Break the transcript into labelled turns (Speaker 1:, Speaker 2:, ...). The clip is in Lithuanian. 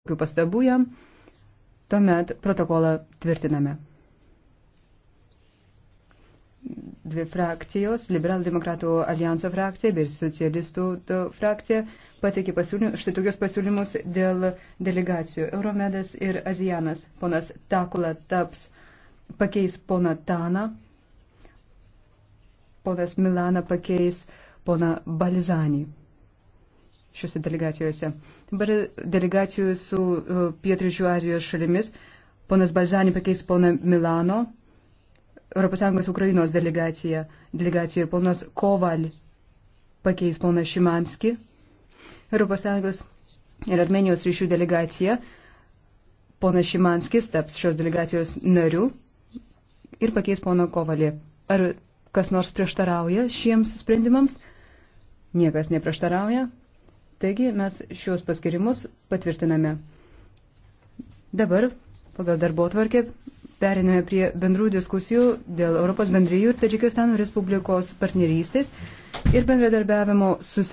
Speaker 1: kokių pastabų jam, tuomet protokolą tvirtiname. Dvi frakcijos, Liberalų demokratų alijanso frakcija bei socialistų frakcija, pateikė štai tokius pasiūlymus dėl delegacijų. Euromedas ir Azijanas. Ponas Takula taps, pakeis poną Taną, ponas Milana pakeis poną Balzanį šiuose delegacijose. Dabar delegacijų su e, Pietričių Azijos šalimis. Ponas Balzani pakeis poną Milano, ES Ukrainos delegacija. Delegacijoje ponas Koval pakeis poną Šimanski. ES ir Armenijos ryšių delegacija. Ponas Šimanskis taps šios delegacijos nariu ir pakeis pono Kovalį. Ar kas nors prieštarauja šiems sprendimams? Niekas neprieštarauja. Taigi mes šios paskirimus patvirtiname. Dabar pagal darbo tvarkę periname prie bendrų diskusijų dėl Europos bendrijų ir Tadžikistano Respublikos partnerystės ir bendradarbiavimo
Speaker 2: susitikimo.